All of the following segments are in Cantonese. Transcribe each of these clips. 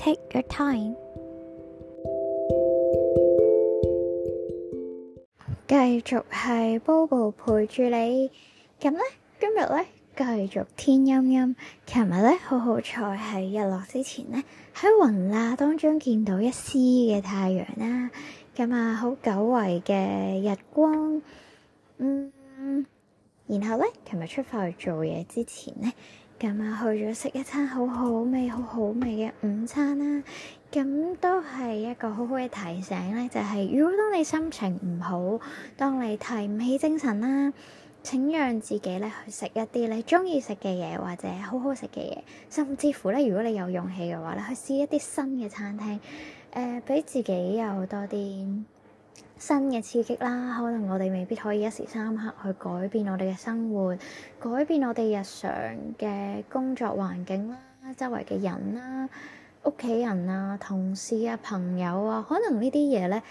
Take your time。繼續係 Bobo 陪住你，咁咧今日咧繼續天陰陰，琴日咧好好彩喺日落之前咧喺雲罅當中見到一絲嘅太陽啦，咁啊好久違嘅日光，嗯，然後咧琴日出發去做嘢之前咧。咁啊，去咗食一餐好好味、好好味嘅午餐啦，咁都係一個好好嘅提醒咧，就係、是、如果當你心情唔好，當你提唔起精神啦，請讓自己咧去食一啲你鍾意食嘅嘢，或者好好食嘅嘢，甚至乎咧，如果你有勇氣嘅話咧，去試一啲新嘅餐廳，誒、呃，俾自己有多啲。新嘅刺激啦，可能我哋未必可以一時三刻去改變我哋嘅生活，改變我哋日常嘅工作環境啦，周圍嘅人啦、屋企人啊、同事啊、朋友啊，可能呢啲嘢呢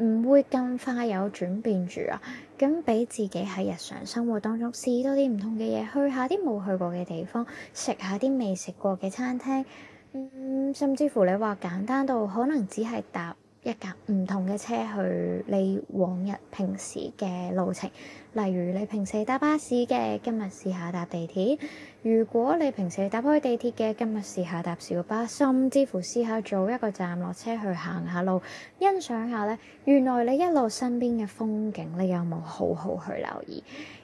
唔會咁快有轉變住啊。咁俾自己喺日常生活當中試多啲唔同嘅嘢，去下啲冇去過嘅地方，食下啲未食過嘅餐廳，嗯，甚至乎你話簡單到可能只係搭一架唔同嘅車去你往日平時嘅路程，例如你平時搭巴士嘅，今日試下搭地鐵；如果你平時搭開地鐵嘅，今日試下搭小巴，甚至乎試下早一個站落車去行下路，欣賞下呢，原來你一路身邊嘅風景，你有冇好好去留意？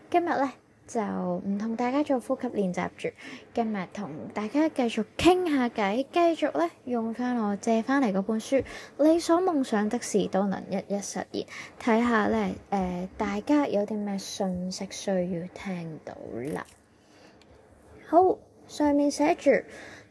今日呢？就唔同大家做呼吸練習住，今日同大家繼續傾下偈，繼續咧用翻我借翻嚟嗰本書，《你所夢想的事都能一一實現》呢，睇下咧誒，大家有啲咩信息需要聽到啦。好。上面寫住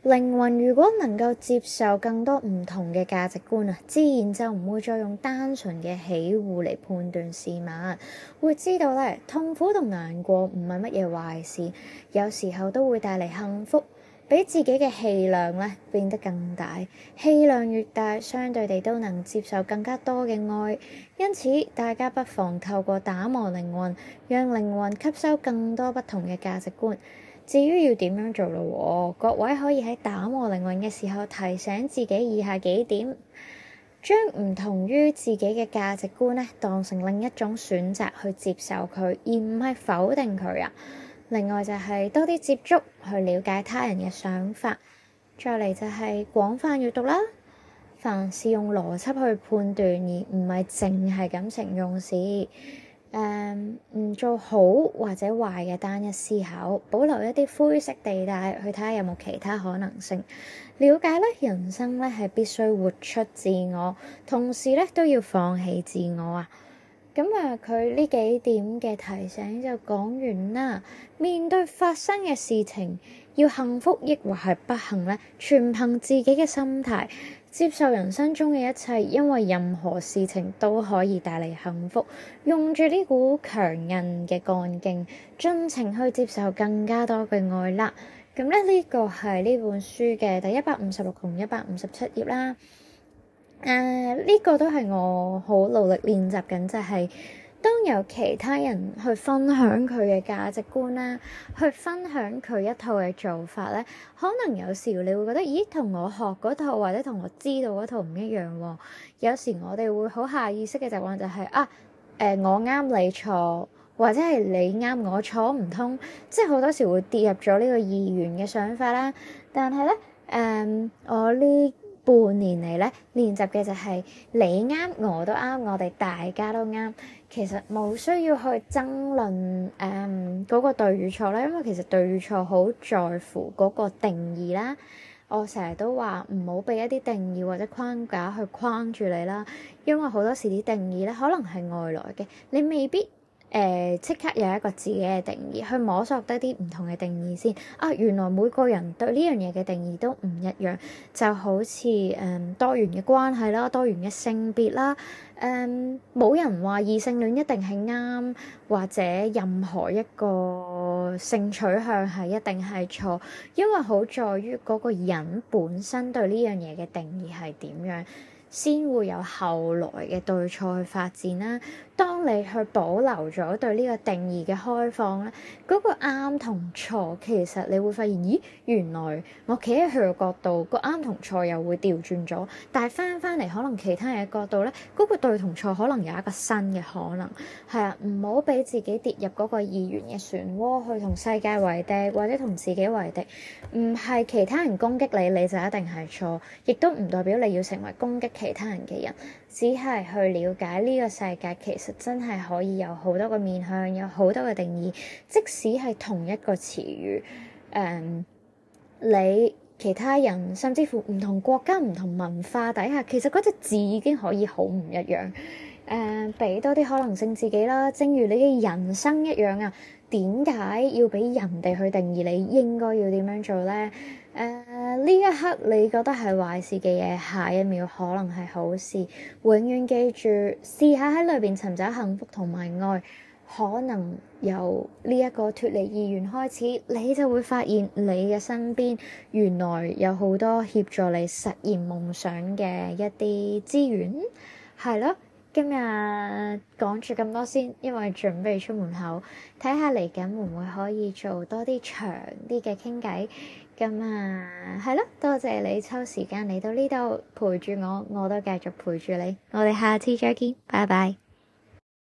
靈魂如果能夠接受更多唔同嘅價值觀啊，自然就唔會再用單純嘅喜惡嚟判斷事物，會知道咧痛苦同難過唔係乜嘢壞事，有時候都會帶嚟幸福，俾自己嘅氣量咧變得更大，氣量越大，相對地都能接受更加多嘅愛，因此大家不妨透過打磨靈魂，讓靈魂吸收更多不同嘅價值觀。至於要點樣做咯喎？各位可以喺打磨靈魂嘅時候提醒自己以下幾點：將唔同於自己嘅價值觀咧，當成另一種選擇去接受佢，而唔係否定佢啊。另外就係多啲接觸去了解他人嘅想法，再嚟就係廣泛閱讀啦。凡事用邏輯去判斷，而唔係淨係感情用事。誒，唔、um, 做好或者壞嘅單一思考，保留一啲灰色地帶去睇下有冇其他可能性。了解咧，人生咧係必須活出自我，同時咧都要放棄自我啊。咁啊，佢、呃、呢幾點嘅提醒就講完啦。面對發生嘅事情，要幸福抑或係不幸咧，全憑自己嘅心態。接受人生中嘅一切，因為任何事情都可以帶嚟幸福。用住呢股強韌嘅幹勁，盡情去接受更加多嘅愛啦。咁咧呢個係呢本書嘅第一百五十六同一百五十七頁啦。誒、呃、呢、這個都係我好努力練習緊，就係、是。當由其他人去分享佢嘅價值觀啦，去分享佢一套嘅做法咧，可能有時你會覺得，咦，同我學嗰套或者同我知道嗰套唔一樣喎。有時我哋會好下意識嘅習慣就係、是、啊，誒、呃、我啱你錯，或者係你啱我錯唔通，即係好多時會跌入咗呢個二元嘅想法啦。但係咧，誒我呢？嗯我半年嚟咧，練習嘅就係你啱，我都啱，我哋大家都啱，其實冇需要去爭論誒嗰個對與錯啦，因為其實對與錯好在乎嗰個定義啦。我成日都話唔好俾一啲定義或者框架去框住你啦，因為好多時啲定義咧可能係外來嘅，你未必。誒即刻有一個自己嘅定義，去摸索得啲唔同嘅定義先。啊，原來每個人對呢樣嘢嘅定義都唔一樣，就好似誒、嗯、多元嘅關係啦、多元嘅性別啦。誒、嗯、冇人話異性戀一定係啱，或者任何一個性取向係一定係錯，因為好在於嗰個人本身對呢樣嘢嘅定義係點樣，先會有後來嘅對錯去發展啦。當你去保留咗對呢個定義嘅開放咧，嗰、嗰個啱同錯其實你會發現，咦，原來我企喺佢嘅角度，嗰個啱同錯又會調轉咗。但係翻返嚟，可能其他人嘅角度咧，嗰、嗰個對同錯可能有一個新嘅可能。係啊，唔好俾自己跌入嗰個二元嘅漩渦，去同世界為敵，或者同自己為敵。唔係其他人攻擊你，你就一定係錯，亦都唔代表你要成為攻擊其他人嘅人。只係去了解呢個世界，其實真係可以有好多個面向，有好多個定義。即使係同一個詞語，誒、嗯，你其他人甚至乎唔同國家、唔同文化底下，其實嗰隻字已經可以好唔一樣。誒、嗯，俾多啲可能性自己啦，正如你嘅人生一樣啊！點解要俾人哋去定義你應該要點樣做呢？誒、uh, 呢一刻你覺得係壞事嘅嘢，下一秒可能係好事。永遠記住，試下喺裏邊尋找幸福同埋愛，可能由呢一個脫離二元開始，你就會發現你嘅身邊原來有好多協助你實現夢想嘅一啲資源，係咯。今日講住咁多先，因為準備出門口，睇下嚟緊會唔會可以做多啲長啲嘅傾偈。咁呀，係囉，多謝你抽時間嚟到呢度陪住我，我都繼續陪住你。我哋下次再見，拜拜。